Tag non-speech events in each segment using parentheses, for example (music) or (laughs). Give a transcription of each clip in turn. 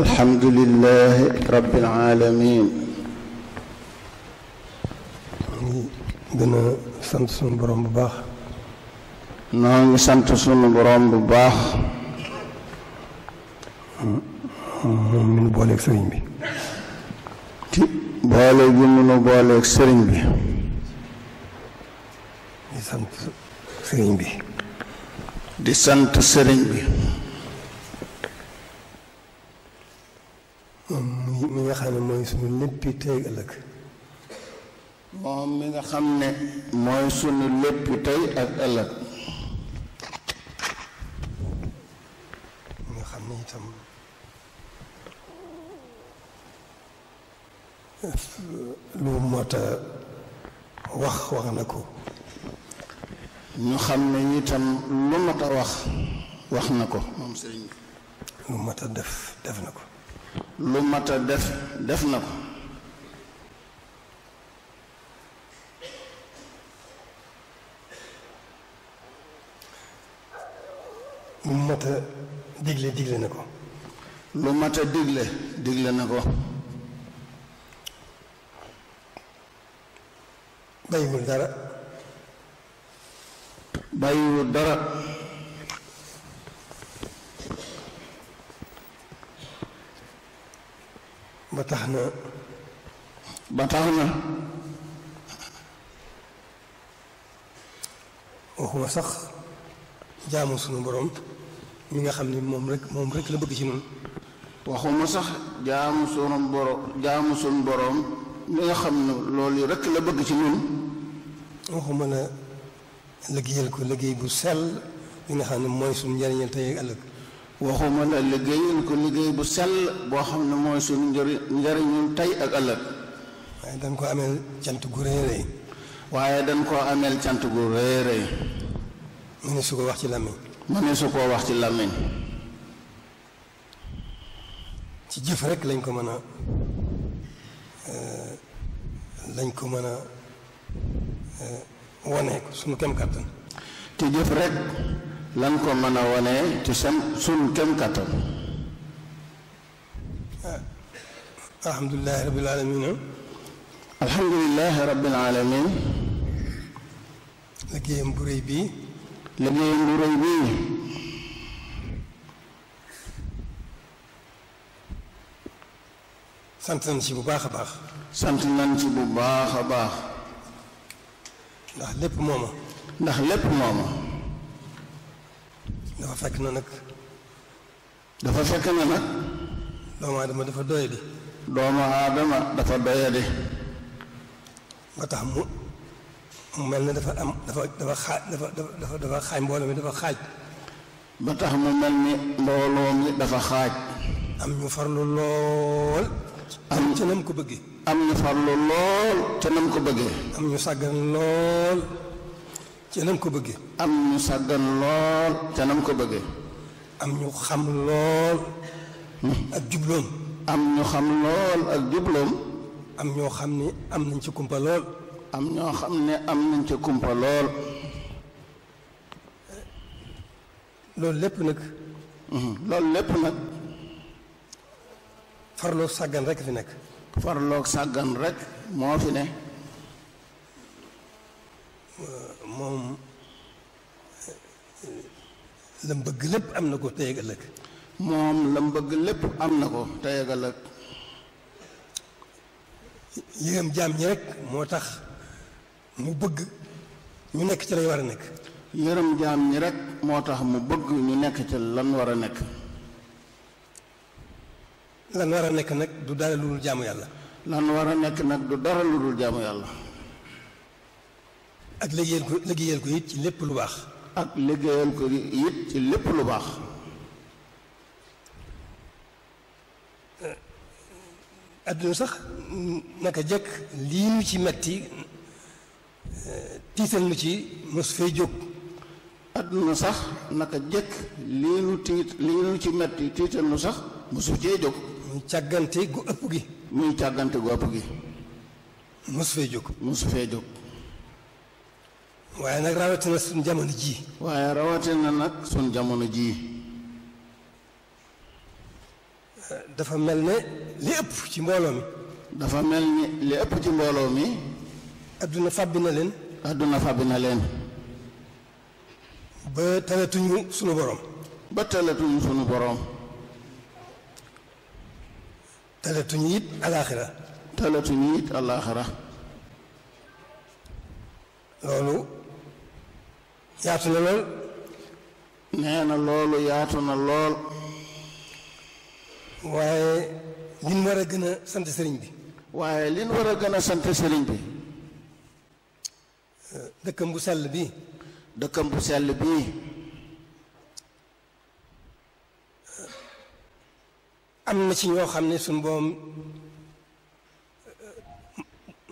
الحمد لله رب العالمين دنا سانت سون بروم باخ نانغ سانت سون بروم باخ مومن بوليك سيرين بي تي بوليك بي مونو بوليك سيرين بي سانت سيرين بي دي سانت سيرين بي moom mi nga xam ne mooy suñu léppi tey ëllëg moom mi nga xam ne mooy suñu léppi tey ak ëllëg nga xam ne itam lu mot wax wax na ko ñu xam ne itam lu mot a wax wax na ko moom sëriñ lu mot a def def na ko lu mat a def def na ko lu mat digle digle na ko lu mat a digle digle na ko bàyyiwul dara bàyyiwul dara ba tax na ba tax na waxuma sax jaamu sunu borom mi nga xam ni moom rek moom rek la bëgg ci noonu waxuma sax jaamu sunu borom jaamu sunu borom mi nga xam ne loolu rek la bëgg ci ñun waxuma la liggéeyal ko liggéey bu sel li nga xam ne mooy sunu njariñal tey ëllëg waxuma la liggéeyal ko liggéey bu sell boo xam ne mooy suñu njëriñ njëriñu tey ak ëllëg. waaye dañ ko ameel cant gu rëy rëy. waaye dañ koo ameel cant gu rëy rëy. mu ne su ko wax ci làmmiñ. mu ne su ko wax ci làmmiñ. ci jëf rek lañ ko mën a euh, lañ ko mën a euh, wane suñu kem kàttan. ci jëf rek. lan ko mën a wone ci sam sun kem kattan alhamdulilah rabbil alamin alhamdulilah rabbil alamin liggéeyam bu rëy bii liggéeyam bu rëy bii sant nañ ci bu baax a baax sant nañ ci bu baax a baax ndax lépp mooma ndax lépp mooma dafa fekk na nag. dafa fekk na nag. doomu aadama dafa doyadi. doomu aadama dafa doyadi. ba tax mu mel ne dafa am dafa dafa xaaj mbooloo mi dafa xaaj. ba tax mu mel ni mbooloo mi dafa xaaj. am ñu farlu lool. am ca nam ko bëggee. am ñu farlu lool ca nam ko bëggee. am ñu sàggan lool. ca nam ko bëggee. am ñu sàggan lool ca nam ko bëggee. am ñu xam lool ak jubloom. am ñu xam lool ak jubloom. am ñoo xam ni am nañ ci kumpa lool. am ñoo xam ne am nañ ci kumpa lool. loolu lépp nag. Mhm. loolu lépp nag. farloog sàggan rek fi nekk. farloog sàggan rek moo fi ne. moom lam bëgg lépp am na ko tey ak ëllëg moom lam bëgg lépp am na ko tey ak ëllëg yërëm jaam ñi rek moo tax mu bëgg ñu nekk ci lañ war a nekk yërëm jaam ñi rek moo tax mu bëgg ñu nekk ci lan war a nekk lan war a nekk nag du dara lu dul jaamu yàlla lan war a nekk nag du dara lu dul jaamu yàlla ak liggéeyal ko liggéeyal ci lépp lu baax. ak liggéeyal ko it ci lépp lu baax. adduna sax naka jëkk lii nu ci metti tiital nu ci mos fay jóg. adduna sax naka jekk lii nu tiit lii nu ci metti tiital nu sax mosu cee jóg. muy càggante gu ëpp gi. mu càggante gu ëpp gi. mosu fee jóg mosu fee jóg. nak rawati na suñ jamono ji rawati na nak suñ jamono ji dafa melne li ëpp ci mbolo mi dafa mel li ëpp ci mbolo mi aduna fàbbi na leen adduna fàbbi na leen ba talatuñu sunu borom ba talatuñu sunu borom talatuñu it alakhira talatuñu it alakhira lolu yaatunalool nee na loolu yaatu na lool waaye li ñu war a gën a sant sëriñ bi waaye li ñu war a gën a sant sëriñ bi dëkkam bu sell bii dëkkam bu sell bii am na ci ñoo xam ne suñu boom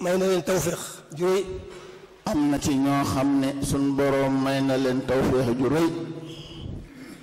may na leen tawféex juróoy am na ci ñoo xam ne suñ boroom may na leen tawféex ju rëy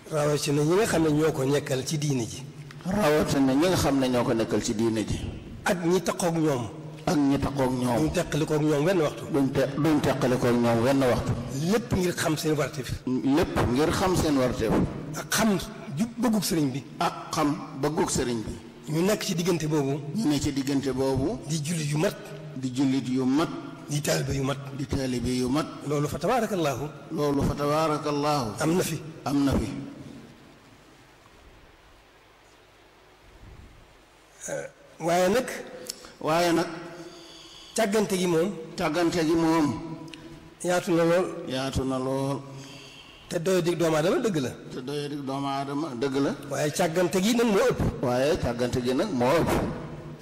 rawatina ñi nga xam ne ñoo ko nekkal ci diine ji rawatina ñi nga xam ne ñoo ko nekkal ci diine ji ak ñi taqoog ñoom ak ñi taqoog ñoom duñ teqalikoog ñoom wenn waxtu duñ te duñ teqalikoog ñoom wenn waxtu lépp ngir xam seen warteef lépp ngir xam seen warteef ak xam ju sëriñ bi ak xam bëggug sëriñ bi ñu nekk ci diggante boobu ñu ne ci diggante boobu di jullit yu mat di jullit yu mat di taalibe yu mat. di taalibe yu mat. loolu fa tabaarakallaahu. loolu fa tabaarakallaahu. am na fi am na fi. Eh, waaye nag. waaye nag. càggante gi moom. càggante gi moom. yaatu na lool. yaatu na lool. te doyo dig doomu aadama dëgg la. te doyo doomu aadama dëgg la. waaye càggante gi nag moo ëpp. waaye càggante gi nag moo ëpp.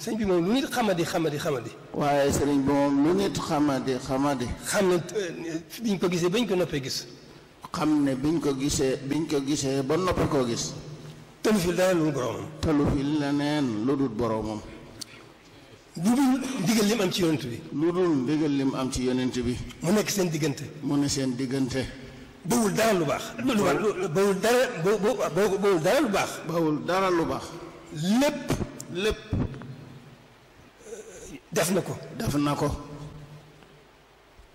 sëñ bi moom lu nit xamadi xamadi xamadi. waaye sëriñ bi moom lu nit xamadi xamadi. xam ne euh, biñ ko gisee bañ ko noppee gis. xam ne biñ ko gisee biñ ko gisee ba noppi koo gis. tëlu fil dara lu dul boromam. tëlu fil leneen lu dul boromam. lu dul ndigal lim am ci yonent bi. lu dul ndigal lim am ci yonent bi. mu nekk seen diggante. mu ne seen diggante. bawul dara lu baax. lu baax. bawul lu baax. lépp. lépp. def na ko def na ko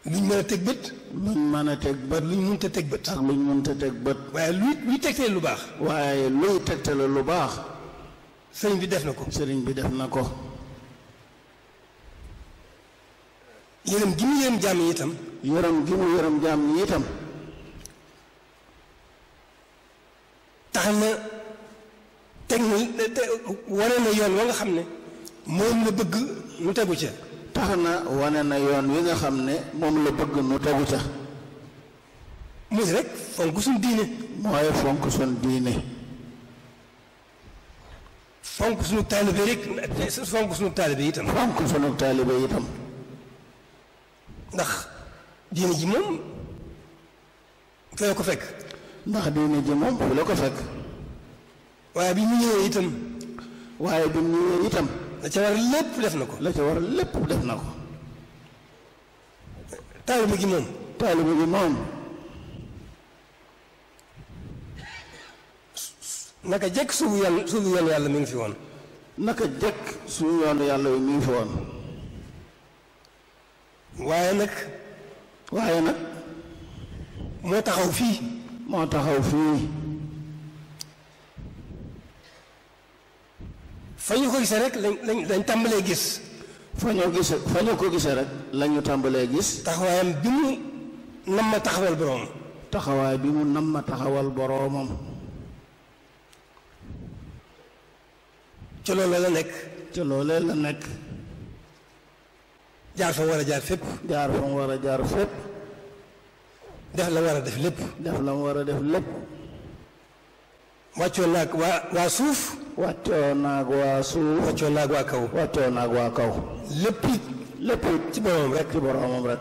luñ mën a teg bët luñ mën a teg bët luñ mënta teg bët ak luñ mënta teg bët waaye luy luy tegtale lu baax waaye luy tegtale lu baax sëriñ bi def na ko sëriñ bi def na ko yërëm gi mu yërëm jaam yi itam yërëm gi mu yërëm jaam yi itam tax na teg na wane na yoon wa nga xam ne moom la bëgg nu tegu ca tax na wane na yoon wi nga xam ne moom la bëgg nu tegu ca muy rek fonk suñ diine mooy fonk suñ diine fonk suñu taalibe rek fonk suñu taalibe itam fonk suñu taalibe itam ndax diine ji moom fu la ko fekk ndax diine ji moom fu la ko fekk waaye bi mu itam waaye bi mu itam la ca war lépp def na ko. la ca war lépp def na ko. taalibe gi moom. taalibe gi moom. naka jekk suñu yoon suñu yoonu yàlla mu ngi fi woon. naka jëkk suñu yoonu yàlla mi ngi fi woon. waaye nag. waaye nag. moo taxaw fii. moo taxaw fii. fa ñu ko gisee rek lañ lañ tàmbalee gis. fa ñu gis fa ñu ko gisee rek la ñu tàmbalee gis. taxawaayam bi mu nam ma taxawal boroomam. taxawaay bi mu nam ma taxawal boroomam. ca loolee la nekk. ca loolee la nekk. jaar fa war a jaar fépp. jaar fa war a jaar fépp. def la war a def lépp. def la war a def lépp. wakyonna gwasuufu watona gwasuuf wakyonna gwakawo watona gwakawo lepit lepit ci boromam rek ci boromam rek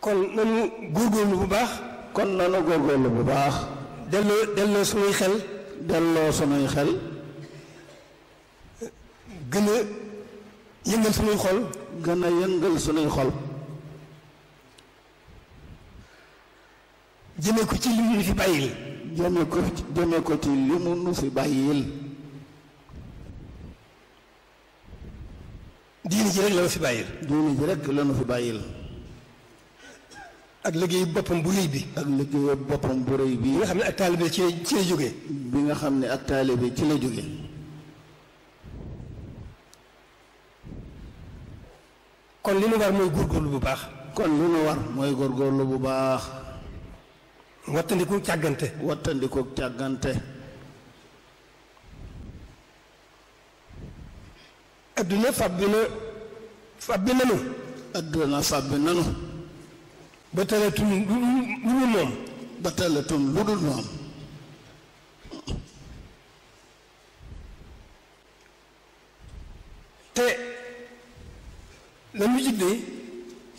kon nanu góorgóorlu bu baax kon nanu góorgóorlu bu baax delloo delloo sunuy xel delloo sunuy xel gën a yëngal sunuy xol gën a yëngal sunuy xol jëmee ko ci li mu fi bàyyil jëmee ko jëmee ko ci li mu nu fi bàyyil diine ji rek la nu fi bàyyil diine ji rek la nu fi bàyyil ak liggéeyu boppam bu rëy bi ak liggéeyu boppam bu bi nga xam ne ak taalibe ci ci la jóge bi nga xam ne ak taalibe ci la jóge kon li nu war mooy góorgóorlu bu baax kon li nu bu baax wattandiku càggante wattandiku càggante adduna fàbbi na fàbbi nanu adduna fàbbi nanu ba talatum lu dul moom ba talatum lu dul moom te lanu jig day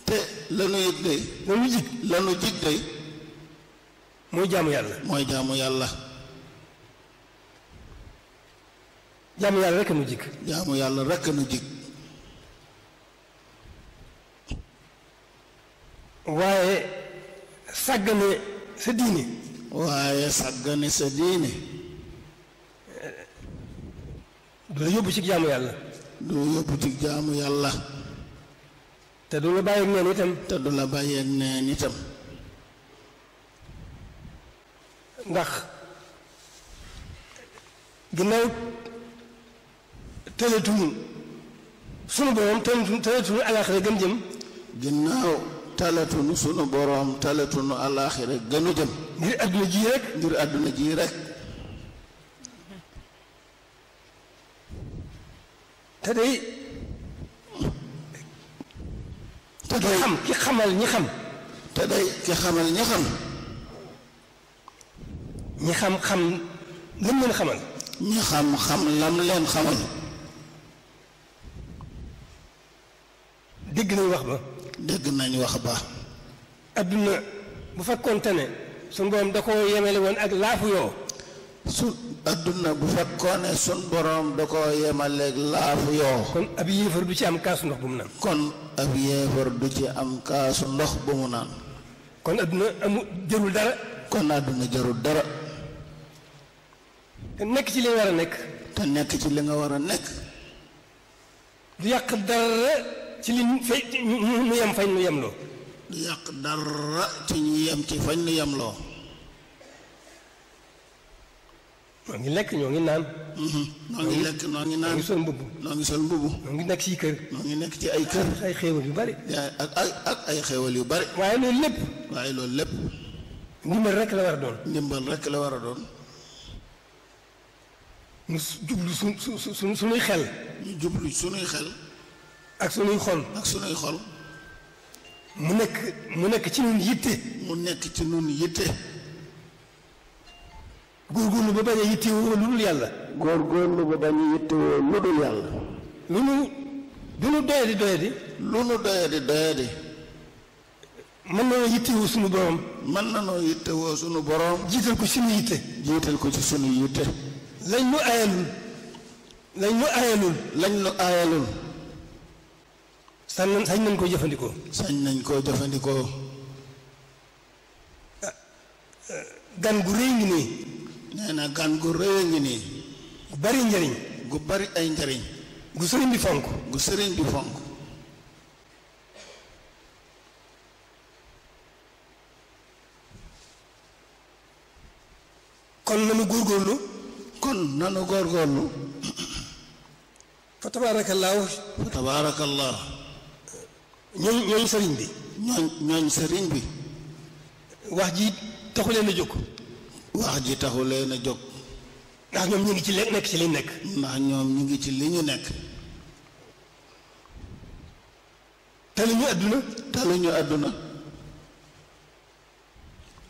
te lanu yëg day lanu jig lanu jig day mooy jaamu yàlla. mooy jaamu yàlla. jaamu yàlla rek nu jik jaamu yàlla rek nu waaye sàggane sa diine. waaye sàggane sa diine. du la yóbbu ci jaamu yàlla. du la yóbbu ci jaamu yàlla. te du la bàyyeeg neen itam. te du la bàyyeeg neen itam. ndax ginnaaw tëlatuñu sunu borom tëlatuñu tëlatuñu alaaxira gën jëm. ginnaaw tëlatuñu sunu borom tëlatuñu alaaxira gënu jëm. ngir àdduna ji rek. ngir àdduna ji rek. te day. te day ki xam ki xamal ñi xam. te ki xamal ñi xam. ñi xam-xam lim leen xamal. ñi xam-xam lam leen xamal. dégg nañ wax ba. dégg nañ wax ba. adduna bu fekkoonte ne suñ borom da koo yemale woon ak laafu yoo. su adduna bu fekkoon ne sun borom da koo yemaleeg laafu yoo. kon ab yéefar du ci am kaasu ndox bu mu naan. kon ab yéefar du ci am kaasu ndox bu mu naan. kon adduna amu jarul dara. kon adduna jarul dara. te nekk ci li nga war a nekk. te ci li nga war a nekk. du yàq dara ci li ñu yem fañ nu yemloo. du yàq dara ci ñu yem ci fañ nu yemloo. noo ngi lekk ñoo ngi naan. noo mm-hmm. ngi lekk noo ngi naan ngi sol mbubb. noo ngi sol mbubb. noo ngi nekk ci kër. noo ngi nekk ci ay kër. ay xéewal yu bari. ak ay ak ay xéewal yu bari. waaye loolu lépp. waaye loolu lépp. ndimbal rek la war a doon. ndimbal rek la war a doon. mu su su su su sunuy xel. ñu jublu sunuy xel. ak sunuy xol. ak sunuy xol. mu nekk mu nekk ci nun yitte. mu nekk ci nun yitte. góor ba lu ba bañ a yittewoo lu dul yàlla. lu nu lu nu doyadi doyadi. lu nu doyadi doyadi. mën na noo yittewoo sunu sunu borom. jiital ko sunu yitte. jiital ko ci sunu yitte. lañ mu ayalul lañ mu ayalul lañ lu ayalul sañ nañ sañ nañ koo jëfandikoo sañ nañ koo jëfandikoo gan gu rëy ngi nii nee gan gu rëy ngi nii gu bari njariñ gu bari ay njariñ gu sëriñ bi fonk gu sëriñ bi fonk kon nanu góorgóorlu kon nanu góorgóorlu fa tabaarakallaahu fa tabaarakallaahu ñooñ ñooñ sëriñ bi ñooñ sëriñ bi wax ji taxu leen a jóg wax ji taxuleen a jóg ndax ñoom ñu ngi ci li nekk ci li nekk ndax ñoom ñu ngi ci li ñu nekk taluñu àdduna taluñu àdduna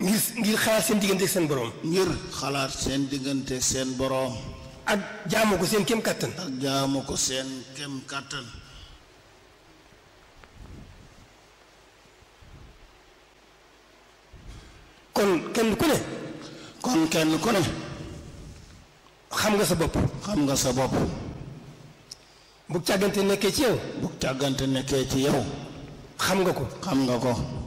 ngir ngir xalaat seen diggante seen boroom. ngir xalaat seen diggante seen boroom. ak jaamu ko seen kem kattan ak jaamu ko seen kem kàttan. kon kenn ku ne. kon kenn ku ne. xam nga sa bopp. xam nga sa bopp. bu càggante nekkee ci yow. bu càggante nekkee ci yow. xam nga ko. xam nga ko.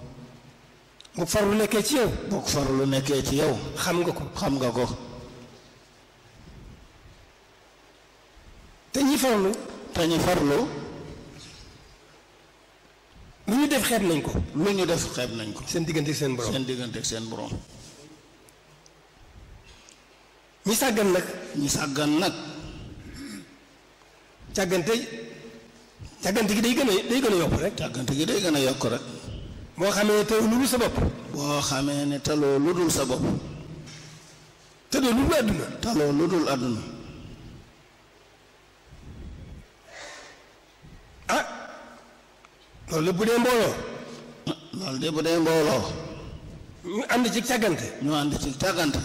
bu farlu nekkee ci yow. bu farlu nekkee ci yow. xam nga ko xam nga ko. te ñi farlu. te ñi farlu. lu ñu def xeeb nañ ko. lu ñu def xeeb nañ ko. seen diggante ak seen borom seen diggante seen borom. ñi sàggan nag. ñi sàggan nag. càggante càggante gi day gën a day gën a yokk rek. càggante gi day gën a yokk rek. boo xamee ne taloo lu dul sa bopp. boo xamee ne taloo lu dul sa bopp. taloo lu dul àdduna. taloo lu dul àdduna. ah loolu bu dee mbooloo. loolu de bu dee mbooloo. ñu ànd ci càggante. ñu ànd ci càggante.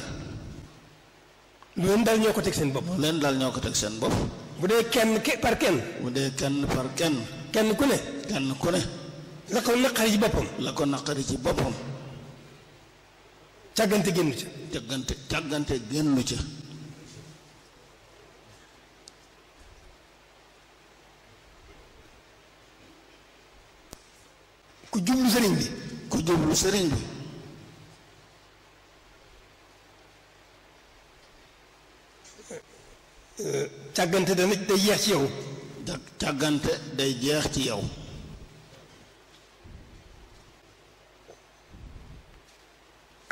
lu leen dal ñoo ko teg seen bopp. leen dal ñoo ko teg seen bopp. bu dee kenn par kenn. bu dee kenn par kenn. kenn ku ne. kenn ku ne. la ko naqari ci boppam. la ko naqari ci boppam. càggante génnu ca. càggante càggante génnu ca. ku jublu sëriñ bi. ku jublu sëriñ bi. càggante dana day jeex ci yow. càggante day jeex ci yow.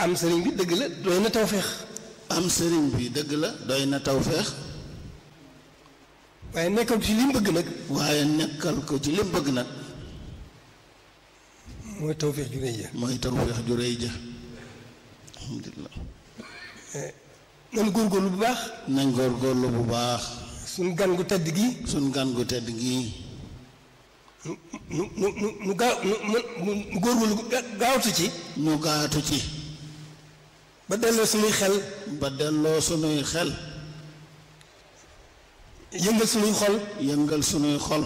am serigne bi deug la doyna na am serigne bi deug la doyna na waye nekkal ko ci lim mu bëgg nag waaye nekkal ko ci lim mu bëgg nag mooy tawféex ju reyja moy mooy ju reyja alhamdullilah eh, nañ gor gor lu bu baax nañ lu bu baax sun gan gu tedd gi sun gan gu tedd gi nu nu nu nu gaaw nu gor lu gaawtu ci nu gaawtu ci ba delloo suñuy xel ba delloo suñuy xel yëngal suñuy xol yëngal suñuy xol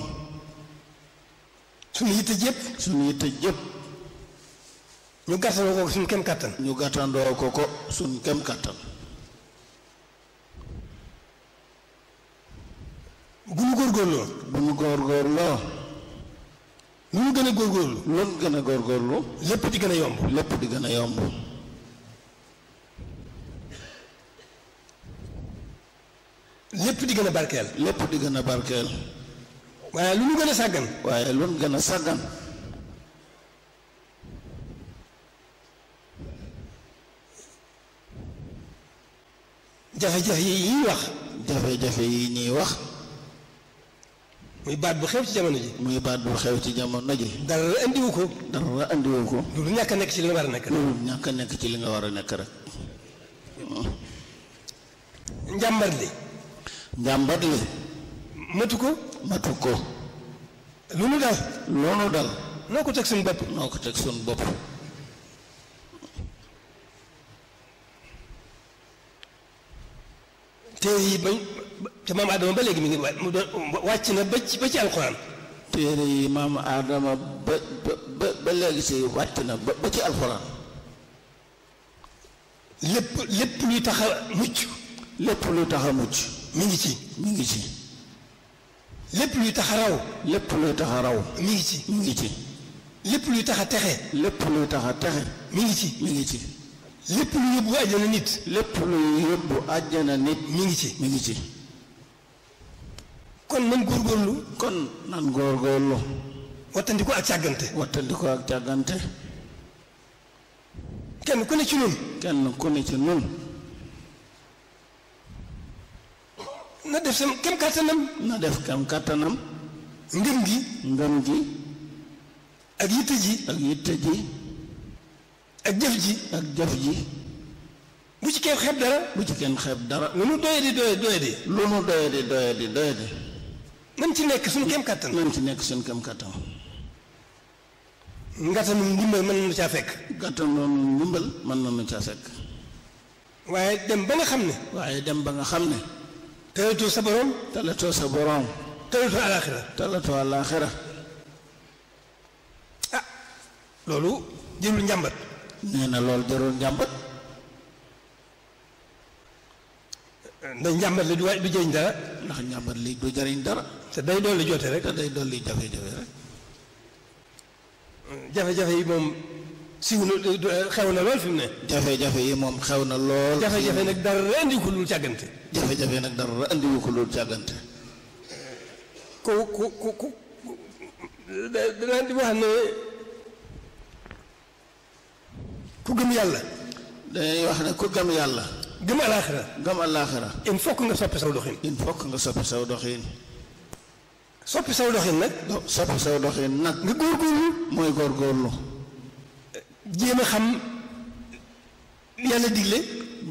suñu yitte jëpp suñu yitte jëpp ñu gàttandoo ko suñu kem kàttan ñu gàttandoo ko ko suñu kem kàttan bu ñu góorgóorloo bu ñu góorgóorloo lu ñu gën a góorgóorlu loolu gën a góor góorgóorlu lépp di gën a yomb lépp di gën a yomb lépp di gën a barkeel. lépp di gën a barkeel. waaye lu ñu gën a sàggan. waaye lu ñu gën a sàggan. jafe-jafe yi ñuy wax. jafe-jafe yi ñuy wax. muy baat bu xew ci jamono ji. muy baat bu xew ci jamono ji. dara andiwu ko. dara andiwu ko. loolu ñàkk a nekk ci li nga a nekk rek. ñàkk a nekk ci li nga war a nekk rek. njàmbar li. njàmbat li matu ko matu ko lu mu dal lu nu dal noo ko teg suñ bopp noo ko teg suñu bopp téere yi bañ ca maam Adama ba léegi mi ngi mu doon wàcc na ba ci ba ci alxuraan léegi si wàcc na ba ba ci alxuraan lépp lépp luy tax mucc lépp luy tax mucc mi ngi ci. mi ngi ci. lépp luy tax a raw. lépp luy tax a raw. mi ngi ci. mi ngi ci. lépp luy tax a texe. lépp luy tax a texe. mi ngi ci. mi ngi ci. lépp lu yóbbu àjjana nit. lépp lu mi ngi ci. mi ngi ci. kon nan góorgóorlu. kon nan góorgóorlu. wattandiku ak càggante. wattandiku ak càggante. kenn ku ne ci nun kenn ku ne ci nun na def sam kem kàttanam na def kem kàttanam ngëm gi ngëm gi ak yitte ji ak yitte ak jëf ji ak jëf ji bu ci kenn bu ci kenn xeeb dara lu nu doye di ci nekk suñu kem kàttan nan ci nekk suñu kem kàttan ngatanum ndimbal mën na nu caa fekk ngatanum ndimbal mën na nu caa fekk waaye dem ba nga xam ne waaye dem ba nga xam ne tayatoo sa borom tayatoo sa borom tayatoo alaaxira tayatoo alaaxira ah loolu jërul njàmbat nee na lool jërul njàmbat ndax njàmbat li du waay du jëriñ ndax njàmbat li du jëriñ dara te day dolli joote rek te day dolli jafe-jafe rek jafe-jafe yi moom si xew na lool fi mu ne jafe-jafe yi moom xew na lool jafe-jafe nag dara andi ko lul càggante jafe-jafe nag dara andi ko lul càggante ku ku ku ku danaa di wax ne ku gëm yàlla dañuy wax ne ku gëm yàlla gëm alaxira gëm alaxira il faut que nga soppi saw doxin il faut que nga soppi saw doxin soppi saw doxin nag soppi saw doxin nag nga góorgóorlu mooy góorgóorlu jéem a xam li yàlla digle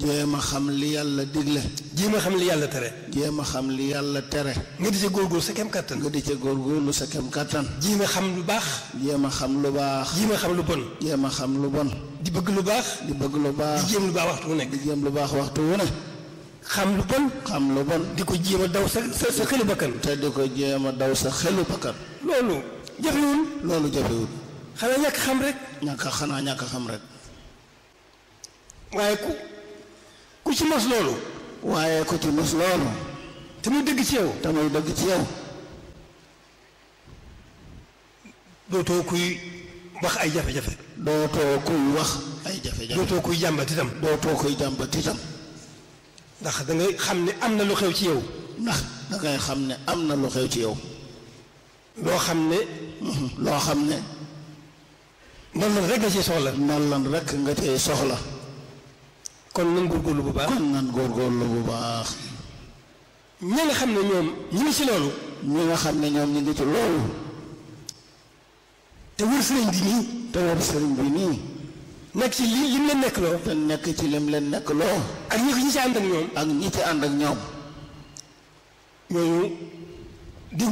jéem a xam li yàlla digle jéem a xam li yàlla tere jéem a xam li yàlla tere nga di ca góorgóorlu sa kem kàttan nga di ca góorgóorlu sa kem kàttan jéem a xam lu baax jéem a xam lu baax jéem a xam lu bon jéem a xam lu bon di bëgg lu baax di bëgg lu baax di jéem lu baax waxtu wu nekk di jéem lu baax waxtu wu ne xam lu bon xam lu bon di ko jéem a daw sa sa xelu bakkan te di ko jéem a daw sa xelu bakkan loolu jafewul loolu jafewul xanaa ñàkk xam rek ñàkk xanaa ñàkk xam rek waaye ku ku ci mos loolu waaye ku ci mos loolu te muy dëgg ci yow te dëgg ci yow dootoo kuy wax ay jafe-jafe dootoo kuy wax ay jafe-jafe dootoo kuy jàmbatitam itam dootoo kuy ndax dangay xam ni am na lu xew ci yaw ndax da xam ne am na lu xew ci yow loo xam ne (laughs) loo xam ne ndolloon rek nga ci soxla. ndolloon rek nga ci soxla. kon nan góorgóorlu bu baax. kon nan góorgóorlu bu baax. ñi nga xam ne ñoom ñu ngi ci loolu. ñi nga xam ne ñoom ñu ngi ci loolu. te wër sëriñ bi nii. te li lim leen nekk loo. te nekk ci lim leen nekk loo. ak ñi ñi ci ànd ak ñoom. ak ñi ci ànd ak ñoom. ñooñu di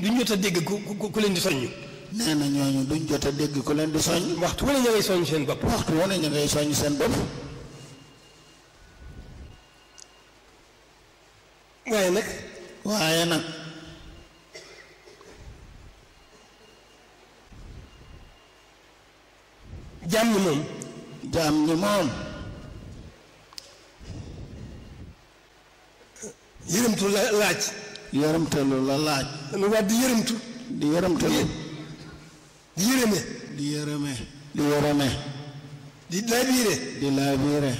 du ñu jot dégg ku ku leen di soññu. nee na ñooñu duñ jot a dégg ku leen di soññ. waxtu wu ne ña soññ seen bopp. waxtu wu ne ña ngay seen bopp. waaye nag. waaye nag. jaam ñi jaam ñi moom. yërëmtu la laaj. yërëmtalu la laaj. nu waat di yërëmtu. di yërëmtalu. di yërëme di yërëme di yërëme di laabiire di laabiire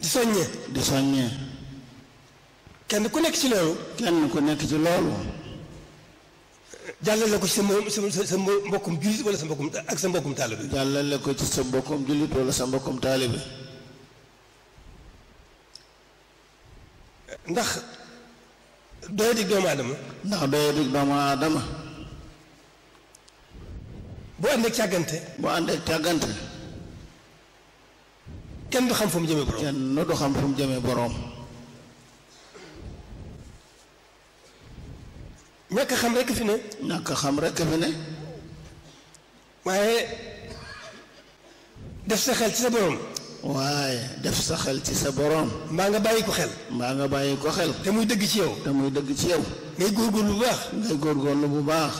di soññe di soññe kenn ku nekk ci loolu kenn ku nekk ci loolu jàllale ko ci sa sa mbokkum jullit wala sa mbokkum ak sa mbokkum ko ci sa mbokkum jullit wala sa mbokkum taalibe ndax doyadi doomu aadama ndax doyadi doomu aadama boo ànd ak càggante boo ànd ak càggante kenn du xam fu mu jëmee borom kenn du xam fu mu jëmee borom ñàkk xam rekk fi ne ñàkk xam rekk fi ne waaye def sa xel ci sa borom waaye def sa xel ci sa borom mbaa nga bàyyi ko xel mbaa nga bàyyi ko xel te muy dëgg ci yow te muy dëgg ci yow ngay góorgóorlu bu baax ngay góorgóorlu bu baax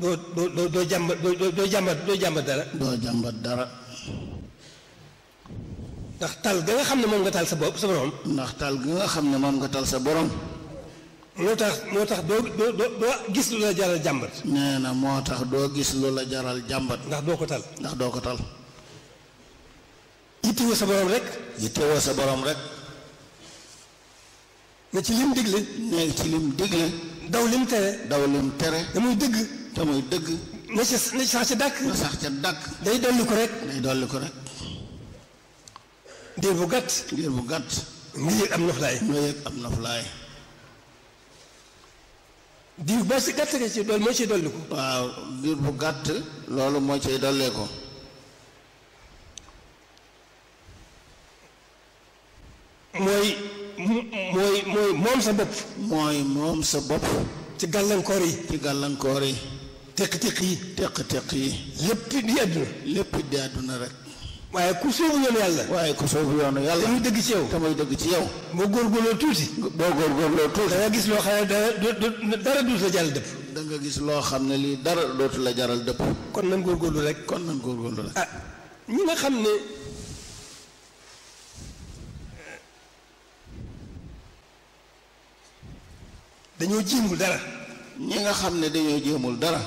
doo doo doo jàmbat doo jàmbat doo jàmbat dara. doo jàmbat dara. ndax tal ga xam ne moom nga tal sa bopp sa borom. ndax tal ga xam ne moom nga tal sa borom. moo tax moo tax doo gis lu la jaral jàmbat. nee na moo tax doo gis lu la jaral jàmbat. ndax doo ko tal. ndax doo ko tal. yittewoo sa borom rek. yittewoo sa borom rek. ne ci lim digle. ne ci lim digle. daw lim tere. daw lim tere. damuy dëgg. te mooy dëgg. na ci na dàkk. na sax ca dàkk. day dolli ko rek. day dolli ko rek. diir bu gàtt. diir bu gàtt. nga am noflaay. nga yëg am noflaay. diir boo si gàtt nga ci dool moo ciy dolli ko. waaw diir bu gàtt. loolu moo ciy dollee ko. mooy mooy mooy moom sa bopp. mooy moom sa bopp. ci gàllankoor yi. ci gàllankoor yi. teq-teq yi teq-teq yi lépp di àdduna lépp di àdduna rek waaye ku soobu yoonu yàlla waaye ku soobu yoonu yàlla te muy dëgg ci yow te dëgg ci yow boo góorgóorloo tuuti boo góorgóorloo tuuti da nga gis loo xam ne dara dootu la jaral dëpp da nga gis loo xam ne lii dara dootu la jaral dëpp kon nan góorgóorlu rek kon nan góorgóorlu rek ah nga xam ne dañoo jéemul dara ñi nga xam ne dañoo jéemul dara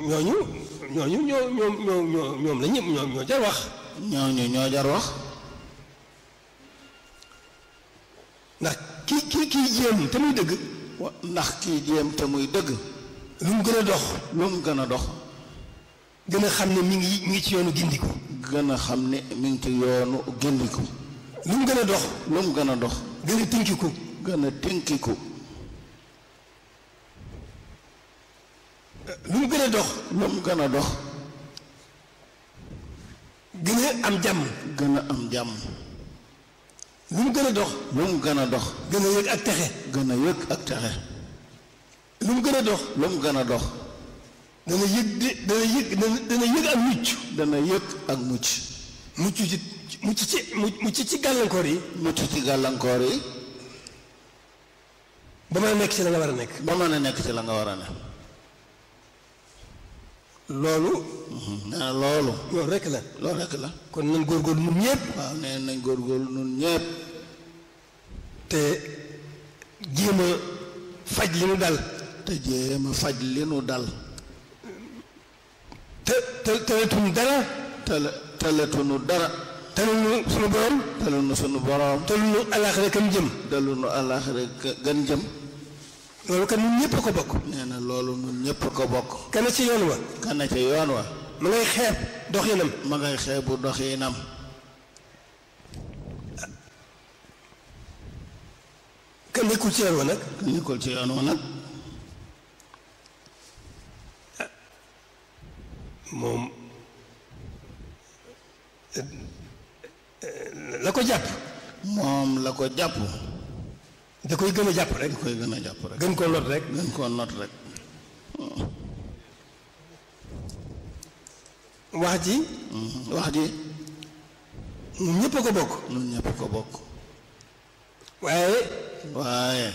ñooñu ñooñu ñoo ñoo ñoo ñoom la ñëpp ñoom ñoo jar wax. ñooñu ñoo jar wax. ndax ki ki kii jéem te muy dëgg. ndax kii jéem te muy dëgg. lu mu gën a dox. lu mu gën a dox. gën a xam ne mi ngi mi ngi ci yoonu gindiku. gën a xam ne mi ngi ci yoonu lu mu gën a dox. lu mu gën a dox. gën a tënkiku. gën a tënkiku. lu mu gën a dox ñoom gën a dox gën a am jàmm gën a am jàmm lu mu gën a dox ñoom gën a dox gën a yëg ak texe gën a yëg ak texe lu mu gën a dox lu mu gën a dox dana yëg di dana yëg dana yëg ak mucc dana yëg ak mucc mucc ci mucc ci mucc ci gàllankoor yi mucc ci gàllankoor yi ba mën a nekk ci la nga war a nekk ba mën a nekk ci la nga war a nekk loolu mm-hmm. nee loolu rekk la loolu rekk la kon nañ góorgóorlu nun ñëpp waaw nee nañ góorgóorlu nun ñëpp te jéem faj li nu dal te jéem a faj li dal te te teletuñu dara tele teletuñu dara telunu sunu borom telunu sunu borom telunu alaaxira kam jëm telunu alaaxira gan jëm loolu kan ñun ñëpp ko bokk. nee na loolu ñun ñëpp ko bokk. kana ci yoon wa. kana ci yoon wa. ma ngay xeeb doxinam. ma ngay xeebu doxinam. ka nekkul ci yoon wa nag. ka nekkul ci yoon wa nag. moom la ko jàpp. moom la ko jàpp. da koy gën a jàpp rek. da koy gën a jàpp rek. gën koo not rek. gën koo not rek. Hmm. wax ji. Hmm. wax ji. ñun ñëpp ko bokk. ñun ñëpp ko bokk. waaye. waaye.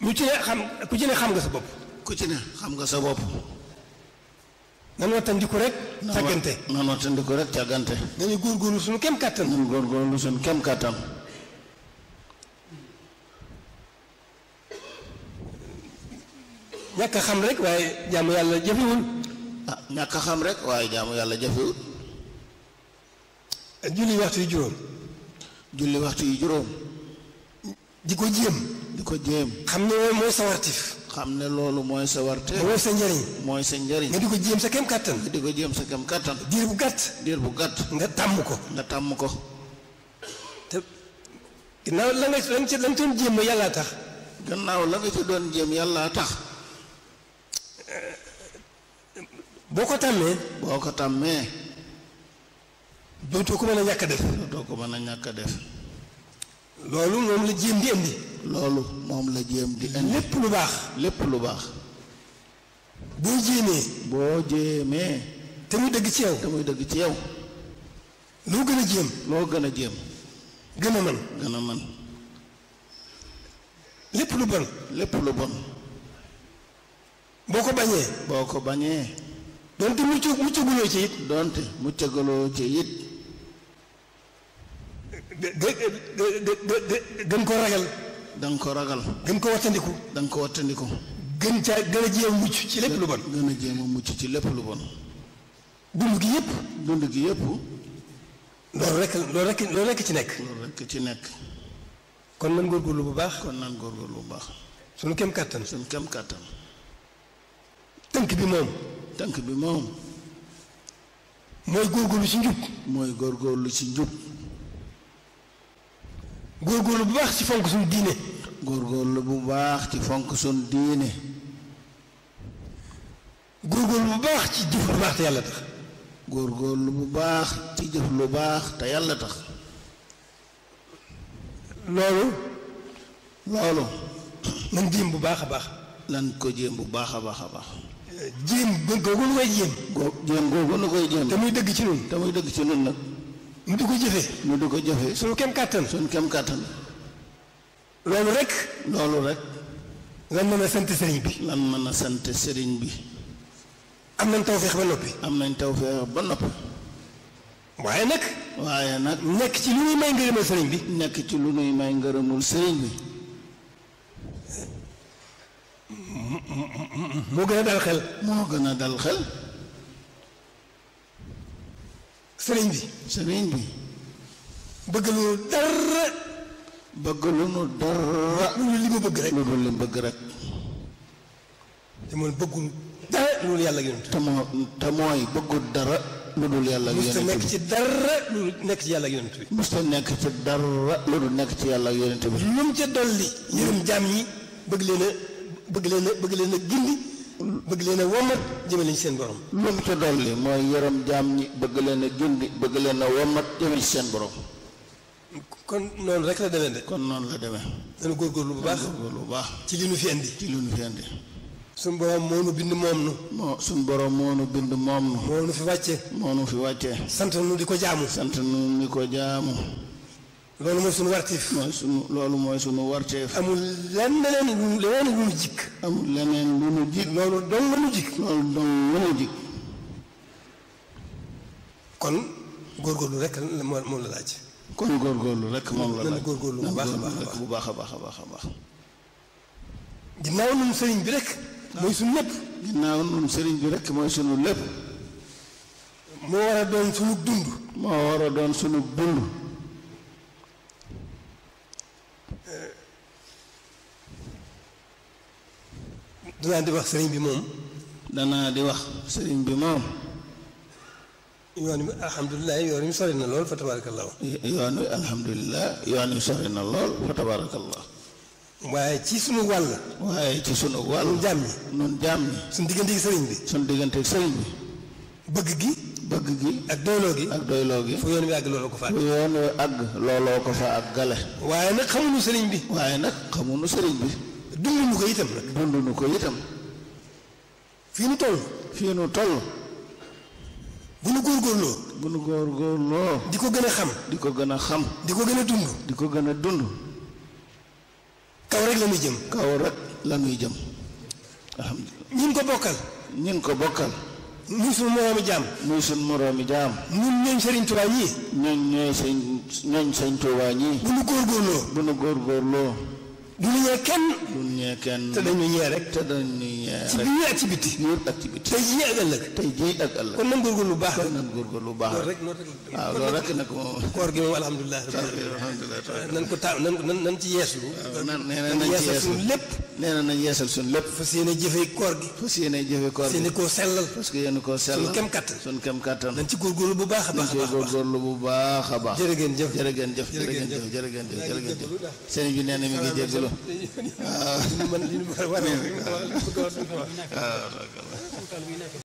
ñu ci ne xam ku ci ne xam nga sa bopp. ku ci ne xam nga sa bopp. nan wattandiku rek. càggante nan wattandiku rek càggante. dañuy góorgóorlu suñu kem kàttan. dañuy góorgóorlu suñu kem kàttan. ñàkk xam rek waaye jaamu yàlla jafewul ah ñàkk xam rek waaye jaamu yàlla jafewul julli waxtu yu juróom julli waxtu yu juróom di ko jéem di ko jéem xam ne loolu mooy sa xam ne loolu mooy sa wartif mooy sa njariñ mooy sa njariñ nga di ko jéem sa kem kàttan di ko jéem sa kem kàttan diir bu gàtt diir bu gàtt nga tàmm ko nga tàmm ko te gannaaw la nga la ci doon jéem yàlla tax gannaaw la nga ci doon jéem tax boo ko tàmmee boo ko tàmmee dootoo ko mën ñàkk def ko mën a ñàkk def loolu moom la jéem di indi loolu moom la jéem di indi lépp lu baax lépp lu baax boo jéemee boo jéemee te muy dëgg ci yow te muy dëgg ci yow loo gën a jéem loo gën a jéem gën a mën lépp lu bon lépp lu bon boo ko bañee boo ko bañee donte mucc muccaguloo ci it donte muccaguloo ci it gën ko ragal danga ko ragal gën ko wattandiku danga ko wattandiku gën caa gën a jéem mucc ci lépp lu bon gën a jéem mucc ci lépp lu bon dund gi yëpp dund gi yëpp loolu rekk loolu rekk ci nekk loolu rekk ci nekk kon nan góorgóorlu bu baax kon nan góorgóorlu bu baax suñu kem kàttan suñu kem kàttan tënk bi moom tànk bi moom mooy góorgóorlu ci njub mooy góorgóorlu ci njub góorgóorlu bu baax ci fonk suñu diine góorgóorlu bu baax ci fonk suñu diine góorgóorlu bu baax ci jëf lu baax te bu baax ci jëf lu baax te yàlla tax loolu loolu nañ jéem bu baax a baax lan ko jéem bu baax a baax a baax jéem googu nu koy jéem. goo jéem googu nu koy jéem. te muy dëgg ci ñun. te muy dëgg ci ñun nag. ko jëfee. ñu di ko jëfee. suñu kàttan. suñu kem kàttan. loolu rek. loolu rek. lan mën sant sëriñ bi. mën a sant sëriñ bi. am nañ tawféex ba am nañ tawféex ba noppi. waaye nag. waaye nag nekk ci lu ñuy sëriñ bi. nekk ci lu ñuy may ngërëmul sëriñ bi. moo gën a dal xel moo gën a dal xel sëriñ bi sëriñ bi bëgg lu dara bëgg lu nu dara lu bëgg rek lu li mu bëgg rek te moom bëggul dara lu dul yàlla ak yonent te moo te mooy bëggul dara lu dul nekk ci dara nekk ci yàlla ak yonent bi musta nekk ci dara lu dul nekk ci yàlla ak yonent bi lu mu ca dolli yërëm jaam ñi bëgg leen bëgg leen a bëgg leen a gindi bëgg leen a womat jëmale ci seen borom lu mu ca dolli mooy yaram jaam ñi bëgg leen a gindi bëgg leen a womat jëmale seen borom kon noonu rek la demee de kon noonu la demee dañu góorgóorlu bu baax góorgóorlu bu baax ci li nu fi indi ci li nu fi indi suñ borom moo nu bind moom nu moo suñ borom moo nu bind moom nu moo nu fi wàccee moo nu fi wàccee sant nu di ko jaamu sant nu di ko jaamu loolu mooy sunu warteef. mooy sunu loolu mooy sunu warteef. amul leneen lu leneen lu jikk. amul leneen lu nu jikk. loolu dong la loolu dong la góorgóorlu rek la laaj. kon góorgóorlu rek moom la bu baax a baax baax a baax a baax a baax. ginnaaw nun sëriñ bi rek. mooy sunu lépp. ginnaaw nun sëriñ bi rek mooy sunu lépp. moo war a doon suñu dund. moo war a doon sunu dund. danaa di wax sëriñ bi moom danaa di wax sëriñ bi moom yoon bi alhamdulilah yoon wi sori na lool fa tabarakallah yoon na lool waaye ci sunu wàll waaye ci sunu wàll nun jàmm ñi nun jàmm ñi diggante ak sëriñ bi suñ diggante ak sëriñ bi bëgg gi bëgg gi. ak doyloo gi ak doyloo gi. fu yoon wi àgg looloo ko fa àgg. ko fa àgg gale. waaye nag xamuñu sëriñ bi. waaye nag xamuñu sëriñ bi. dunduñu ko itam nag. dunduñu ko itam. fii nu toll. fii nu toll. bu nu góorgóorloo. bu nu góorgóorloo. di ko gën a xam. di ko gën a xam. di ko gën a dund. di ko gën a dund. kaw rek la ñuy jëm. kaw rek la jëm. alhamdulilah ñin ko bokkal. ñin ko bokkal. muy sunu moroomi jaam. muy sunu moroomi jaam. ñun ñooñ Serigne Touba ñii. ñooñ ñooy sëñ ñooñ sëñ Touba ñii. bu nu góorgóorloo. bu nu góorgóorloo. du ñu ñee kenn. du kenn te dañu ñee rek. te dañu ñee ci biir ak ci biti. biir ak ci biti. tey jii ak ëllëg. tey jii ak ëllëg. kon nan góorgóorlu lu baax la. nan góorgóorlu lu baax la. loolu rek loolu rek. waaw loolu rek nag moom. ko taaw nan nan nan ci na nañ yeesal suñu lépp. koo sellal. parce koo sellal. suñu a baax a baax. nañ ci góorgóorlu bu jëf jërë ngeen jëf jërë ngeen jëf jërë ngeen jëf mi ngi jégalu li mu war a